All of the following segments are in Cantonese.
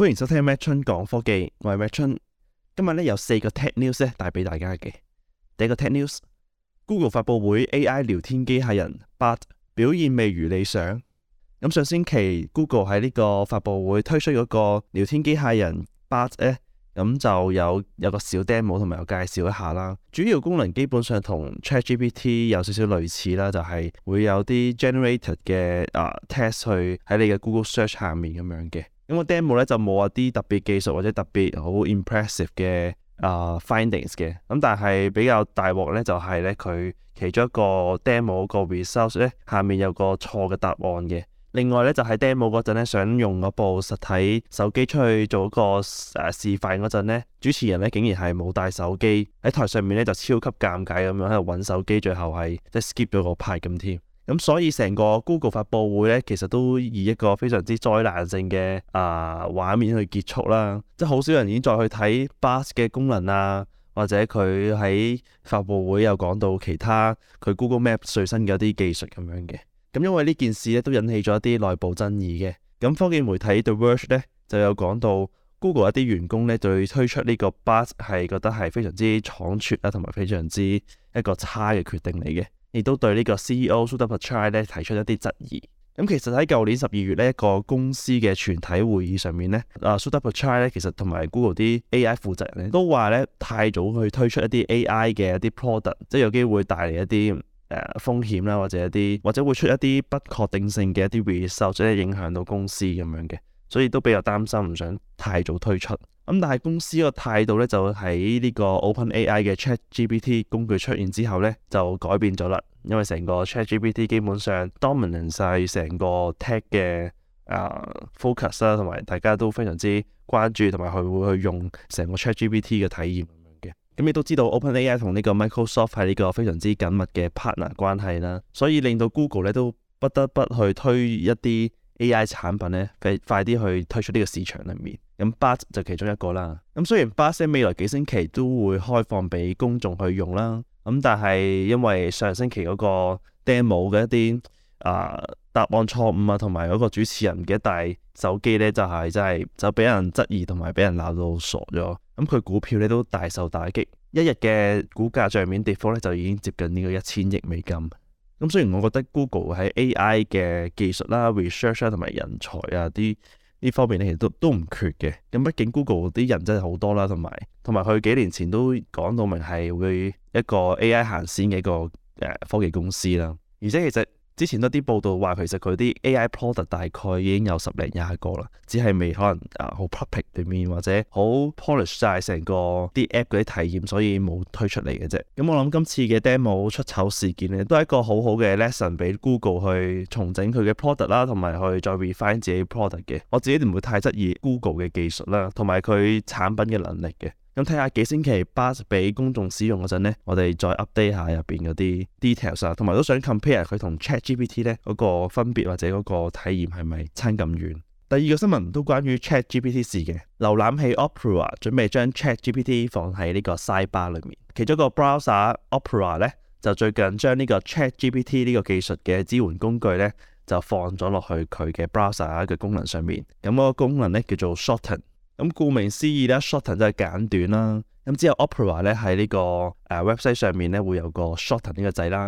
歡迎收聽麥春講科技，我係麥春。今日咧有四個 tech news 咧帶俾大家嘅。第一個 tech news，Google 發布會 AI 聊天機械人 Bard 表現未如理想。咁上星期 Google 喺呢個發布會推出嗰個聊天機械人 Bard，咁就有有個小 demo 同埋有介紹一下啦。主要功能基本上同 ChatGPT 有少少類似啦，就係、是、會有啲 generated 嘅啊、uh, text 去喺你嘅 Google Search 下面咁樣嘅。咁個 demo 咧就冇一啲特別技術或者特別好 impressive 嘅啊 findings 嘅。咁但係比較大鑊咧就係咧佢其中一個 demo 個 result 咧下面有個錯嘅答案嘅。另外咧就係 demo 嗰陣咧想用嗰部實體手機出去做個誒示範嗰陣咧，主持人咧竟然係冇帶手機喺台上面咧，就超級尷尬咁樣喺度揾手機，最後係即 skip 咗個 part 咁添。就是咁所以成個 Google 發佈會咧，其實都以一個非常之災難性嘅啊畫面去結束啦。即係好少人已經再去睇 Bard 嘅功能啊，或者佢喺發佈會又講到其他佢 Google Map 最新嘅一啲技術咁樣嘅。咁因為呢件事咧都引起咗一啲內部爭議嘅。咁科技媒體 The Verge 咧就有講到 Google 一啲員工咧對推出呢個 Bard 係覺得係非常之倉促啊，同埋非常之一個差嘅決定嚟嘅。亦都對呢個 CEO Sundar Pichai 咧提出一啲質疑。咁其實喺舊年十二月呢一個公司嘅全體會議上面咧，啊 Sundar Pichai 咧其實同埋 Google 啲 AI 負責人咧都話咧太早去推出一啲 AI 嘅一啲 product，即係有機會帶嚟一啲誒風險啦，或者一啲或者會出一啲不確定性嘅一啲 result，即係影響到公司咁樣嘅。所以都比較擔心，唔想太早推出。咁但係公司個態度咧，就喺呢個 Open AI 嘅 Chat GPT 工具出現之後咧，就改變咗啦。因為成個 Chat GPT 基本上 dominant 晒成個 tech 嘅、uh, focus 啦，同埋大家都非常之關注，同埋佢會去用成個 Chat GPT 嘅體驗咁樣嘅。咁你都知道 Open AI 同呢個 Microsoft 係呢個非常之緊密嘅 partner 關係啦，所以令到 Google 咧都不得不去推一啲。AI 產品咧，快啲去推出呢個市場裏面。咁 Bard 就其中一個啦。咁雖然 Bard 未來幾星期都會開放俾公眾去用啦，咁但係因為上星期嗰個 Demo 嘅一啲啊、呃、答案錯誤啊，同埋嗰個主持人唔記得帶手機咧，就係真係就俾人質疑同埋俾人鬧到傻咗。咁佢股票咧都大受打擊，一日嘅股價帳面跌幅咧就已經接近呢個一千億美金。咁雖然我覺得 Google 喺 AI 嘅技術啦、啊、research 啦同埋人才啊啲呢方面咧，其實都都唔缺嘅。咁畢竟 Google 啲人真係好多啦，同埋同埋佢幾年前都講到明係會一個 AI 行先嘅一個誒科技公司啦，而且其實。之前多啲報道話，其實佢啲 AI product 大概已經有十零廿個啦，只係未可能啊好 perfect 對面或者好 polish 曬成個啲 app 嗰啲體驗，所以冇推出嚟嘅啫。咁我諗今次嘅 demo 出醜事件咧，都係一個好好嘅 lesson 俾 Google 去重整佢嘅 product 啦，同埋去再 refine 自己嘅 product 嘅。我自己唔會太質疑 Google 嘅技術啦，同埋佢產品嘅能力嘅。咁睇下幾星期 Bard 俾公眾使用嗰陣咧，我哋再 update 下入邊嗰啲 details 啊，同埋都想 compare 佢同 ChatGPT 咧嗰個分別或者嗰個體驗係咪差咁遠？第二個新聞都關於 ChatGPT 事嘅，瀏覽器 Opera 準備將 ChatGPT 放喺呢個 sidebar 裏面。其中個 browser Opera 咧就最近將呢個 ChatGPT 呢個技術嘅支援工具咧就放咗落去佢嘅 browser 嘅功能上面。咁嗰個功能咧叫做 Shorten。咁顧名思義啦 shorten 就係簡短啦。咁之後 Opera 咧喺呢個誒 website 上面咧會有個 shorten 呢個掣啦。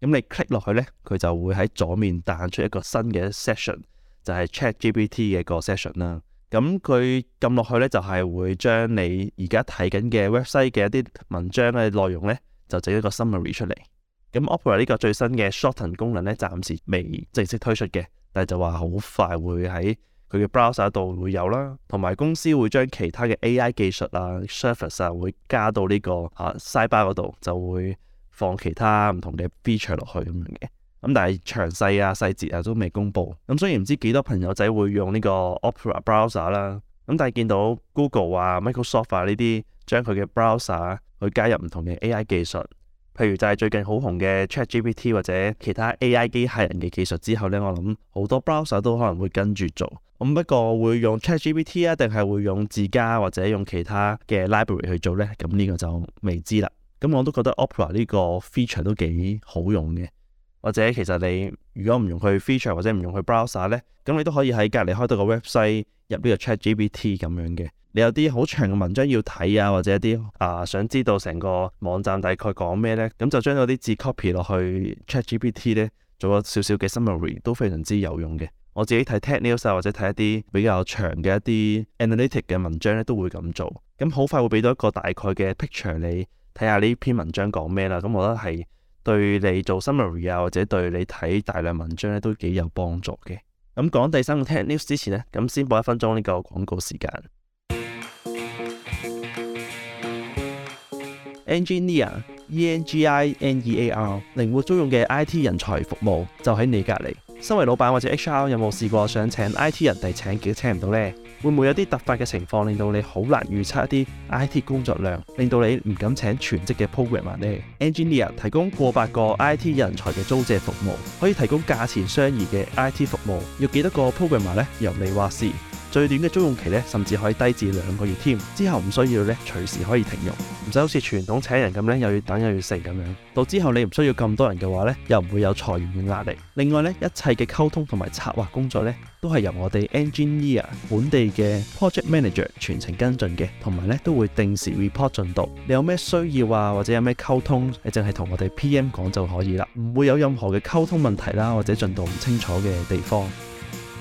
咁你 click 落去咧，佢就會喺左面彈出一個新嘅 session，就係 ChatGPT 嘅個 session 啦。咁佢撳落去咧就係會將你而家睇緊嘅 website 嘅一啲文章嘅內容咧，就整一個 summary 出嚟。咁 Opera 呢個最新嘅 shorten 功能咧，暫時未正式推出嘅，但係就話好快會喺。佢嘅 browser 度會有啦，同埋公司會將其他嘅 AI 技術啊、service 啊，會加到呢、這個啊 cyber 嗰度，就會放其他唔同嘅 feature 落去咁樣嘅。咁但係詳細啊、細節啊都未公布。咁雖然唔知幾多朋友仔會用個呢個 Opera browser 啦。咁但係見到 Google 啊、Microsoft 啊呢啲將佢嘅 browser 去加入唔同嘅 AI 技術。譬如就係最近好紅嘅 ChatGPT 或者其他 AI 機械人嘅技術之後呢，我諗好多 browser 都可能會跟住做。咁不過會用 ChatGPT 啊，定係會用自家或者用其他嘅 library 去做呢？咁呢個就未知啦。咁我都覺得 Opera 呢個 feature 都幾好用嘅。或者其實你如果唔用去 feature 或者唔用去 browser 呢，咁你都可以喺隔離開到 we 個 website 入呢個 ChatGPT 咁樣嘅。你有啲好長嘅文章要睇啊，或者一啲啊想知道成個網站大概講咩呢，咁就將嗰啲字 copy 落去 ChatGPT 呢，做咗少少嘅 summary 都非常之有用嘅。我自己睇 tech news 啊，或者睇一啲比較長嘅一啲 analytic 嘅文章呢，都會咁做。咁好快會俾到一個大概嘅 picture 你睇下呢篇文章講咩啦。咁我覺得係。對你做 summary 啊，或者對你睇大量文章咧，都幾有幫助嘅。咁講第三個 tech news 之前呢，咁先播一分鐘呢個廣告時間。Enginear，E-N-G-I-N-E-A-R，靈活租用嘅 IT 人才服務就喺你隔離。身為老闆或者 HR，有冇試過想請 IT 人哋請幾都請唔到呢？會唔會有啲突發嘅情況令到你好難預測一啲 IT 工作量，令到你唔敢請全職嘅 programmer 呢？Enginear 提供過百個 IT 人才嘅租借服務，可以提供價錢相宜嘅 IT 服務，要幾多個 programmer 呢？由你話事。最短嘅租用期咧，甚至可以低至兩個月添。之後唔需要咧，隨時可以停用，唔使好似傳統請人咁咧，又要等又要成咁樣。到之後你唔需要咁多人嘅話咧，又唔會有裁員嘅壓力。另外咧，一切嘅溝通同埋策劃工作咧，都係由我哋 Enginear 本地嘅 Project Manager 全程跟進嘅，同埋咧都會定時 report 進度。你有咩需要啊，或者有咩溝通，你淨係同我哋 PM 講就可以啦，唔會有任何嘅溝通問題啦，或者進度唔清楚嘅地方。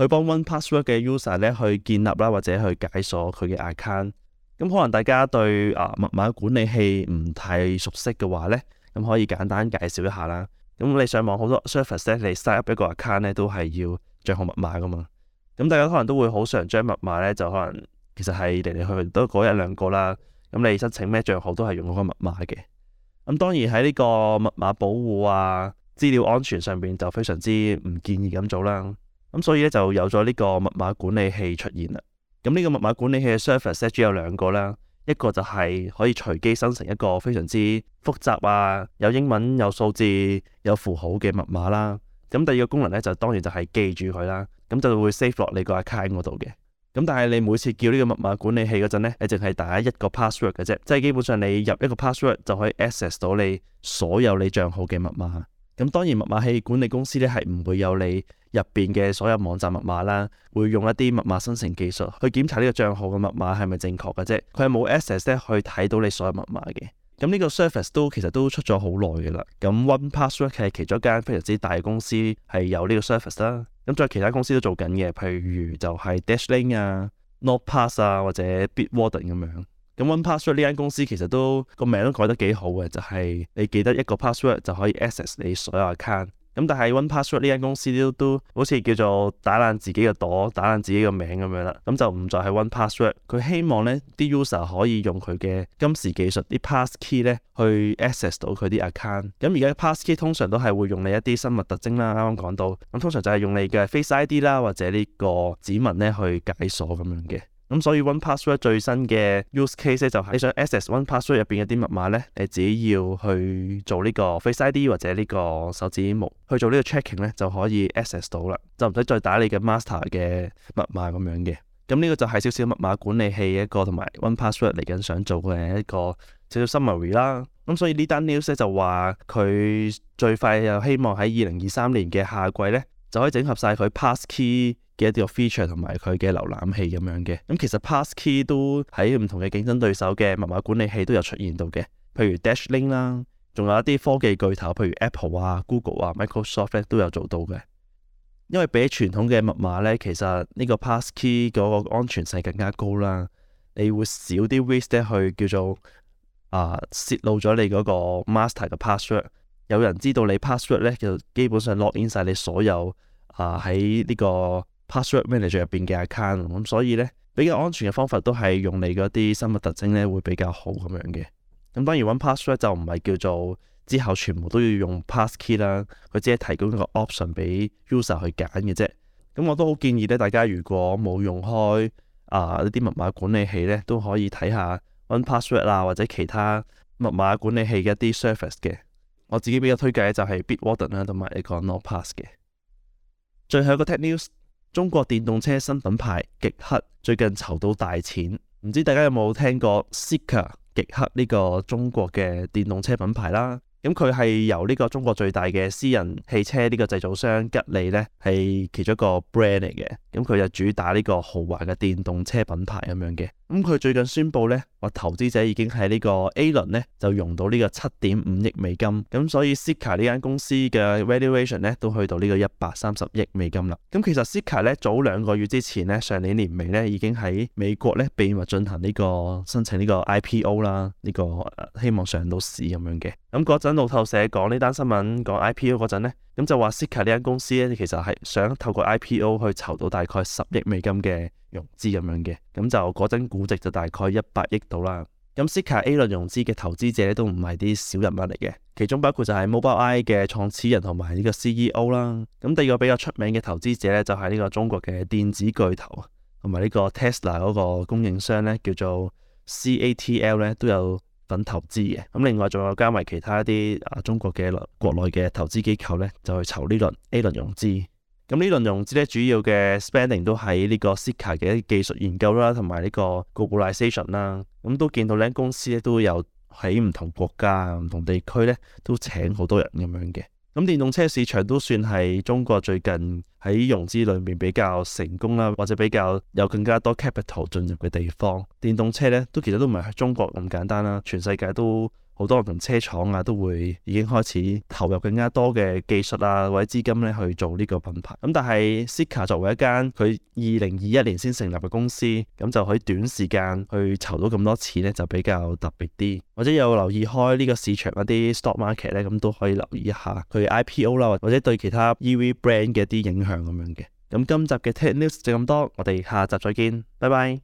去幫 1Password 嘅 user 咧去建立啦，或者去解鎖佢嘅 account。咁可能大家對啊密碼管理器唔太熟悉嘅話咧，咁可以簡單介紹一下啦。咁你上網好多 service 咧，你 set up 一個 account 咧都係要帳號密碼噶嘛。咁大家可能都會好常將密碼咧，就可能其實係嚟嚟去去都嗰一兩個啦。咁你申請咩帳號都係用嗰個密碼嘅。咁當然喺呢個密碼保護啊、資料安全上邊就非常之唔建議咁做啦。咁、嗯、所以咧就有咗呢個密碼管理器出現啦。咁、嗯、呢、呢個密碼管理器嘅 service set 主要有兩個啦，一個就係可以隨機生成一個非常之複雜啊，有英文、有數字、有符號嘅密碼啦。咁、嗯、第二個功能咧就當然就係記住佢啦。咁、嗯、就會 save 落你個 account 嗰度嘅。咁、嗯、但係你每次叫呢個密碼管理器嗰陣呢，你淨係打一個 password 嘅啫，即係基本上你入一個 password 就可以 access 到你所有你帳號嘅密碼。咁、嗯、當然密碼器管理公司呢，係唔會有你入邊嘅所有網站密碼啦，會用一啲密碼生成技術去檢查呢個帳號嘅密碼係咪正確嘅啫？佢係冇 access 咧去睇到你所有密碼嘅。咁呢個 service 都其實都出咗好耐嘅啦。咁 One Password 係其中一間非常之大嘅公司係有呢個 service 啦。咁再其他公司都做緊嘅，譬如就係 Dashlane 啊、NordPass 啊或者 Bitwarden 咁樣。咁 One Password 呢間公司其實都個名都改得幾好嘅，就係、是、你記得一個 password 就可以 access 你所有 account。咁但係 1Password 呢間公司都好似叫做打爛自己嘅朵，打爛自己嘅名咁樣啦。咁就唔再係 1Password，佢希望咧啲 user 可以用佢嘅今時技術啲 passkey 咧去 access 到佢啲 account。咁而家 passkey 通常都係會用你一啲生物特徵啦，啱啱講到，咁通常就係用你嘅 face ID 啦，或者呢個指紋咧去解鎖咁樣嘅。咁所以 One Password 最新嘅 use case 咧就係你想 access One Password 入邊一啲密碼咧，你只要去做呢個 face ID 或者呢個手指模去做呢個 checking 咧，就可以 access 到啦，就唔使再打你嘅 master 嘅密碼咁樣嘅。咁呢個就係少少密碼管理器一個同埋 One Password 嚟緊想做嘅一個少少 summary 啦。咁所以呢單 news 咧就話佢最快又希望喺二零二三年嘅夏季咧就可以整合晒佢 pass key。嘅一啲個 feature 同埋佢嘅瀏覽器咁樣嘅，咁其實 passkey 都喺唔同嘅競爭對手嘅密碼管理器都有出現到嘅，譬如 DashLink 啦，仲有一啲科技巨頭，譬如 Apple 啊、Google 啊、Microsoft 咧都有做到嘅。因為比起傳統嘅密碼咧，其實呢個 passkey 嗰個安全性更加高啦，你會少啲 risk 咧去叫做啊泄露咗你嗰個 master 嘅 password。有人知道你 password 咧，就基本上 lock in 晒你所有啊喺呢個 Password manager 入邊嘅 account，咁所以呢，比較安全嘅方法都係用你嗰啲生物特徵咧會比較好咁樣嘅。咁當然 One Password 就唔係叫做之後全部都要用 Passkey 啦，佢只係提供一個 option 俾 user 去揀嘅啫。咁我都好建議咧，大家如果冇用開啊呢啲密碼管理器呢，都可以睇下 One Password 啊或者其他密碼管理器嘅一啲 service 嘅。我自己比較推介就係 Bitwarden 啦同埋一個 Not Pass 嘅。最後一個 tech news。中國電動車新品牌極氪最近籌到大錢，唔知大家有冇聽過 Zeekr，極氪呢個中國嘅電動車品牌啦？咁佢係由呢個中國最大嘅私人汽車呢個製造商吉利呢係其中一個 brand 嚟嘅，咁、嗯、佢就主打呢個豪華嘅電動車品牌咁樣嘅。佢最近宣布投資者已經喺呢個 A 輪咧融到呢個七點五億美金，咁所以 Zeekr 呢間公司嘅、e、valuation 都去到呢個一百三十億美金啦。咁其實 Zeekr 早兩個月之前咧，上年年尾咧已經喺美國咧秘密進行呢、這個申請呢個 IPO 啦，呢、這個希望上到市咁樣嘅。咁嗰陣路透社講呢單新聞講 IPO 嗰陣咧，咁就話 Zeekr 呢間公司其實係想透過 IPO 去籌到大概十億美金嘅。融資咁樣嘅，咁就嗰陣估值就大概一百億到啦。咁 Zeekr A 輪融資嘅投資者都唔係啲小人物嚟嘅，其中包括就係 Mobile Eye 嘅創始人同埋呢個 CEO 啦。咁第二個比較出名嘅投資者咧，就係呢個中國嘅電子巨頭，同埋呢個 Tesla 嗰個供應商咧，叫做 CATL 咧都有份投資嘅。咁另外仲有加埋其他一啲啊中國嘅國內嘅投資機構咧，就去籌呢輪 A 輪融資。咁呢輪融資咧，主要嘅 spending 都喺呢個 SiCar 嘅一啲技術研究啦，同埋呢個 globalization 啦。咁都見到呢咧，公司咧都有喺唔同國家、唔同地區咧都請好多人咁樣嘅。咁、嗯、電動車市場都算係中國最近喺融資裏面比較成功啦，或者比較有更加多 capital 進入嘅地方。電動車咧都其實都唔係中國咁簡單啦，全世界都。好多人同車廠啊，都會已經開始投入更加多嘅技術啊，或者資金咧去做呢個品牌。咁但係 Zeekr 作為一間佢二零二一年先成立嘅公司，咁就可以短時間去籌到咁多錢咧，就比較特別啲。或者有留意開呢個市場一啲 stock market 咧，咁都可以留意一下佢 IPO 啦，或者對其他 EV brand 嘅啲影響咁樣嘅。咁今集嘅 Tech News 就咁多，我哋下集再見，拜拜。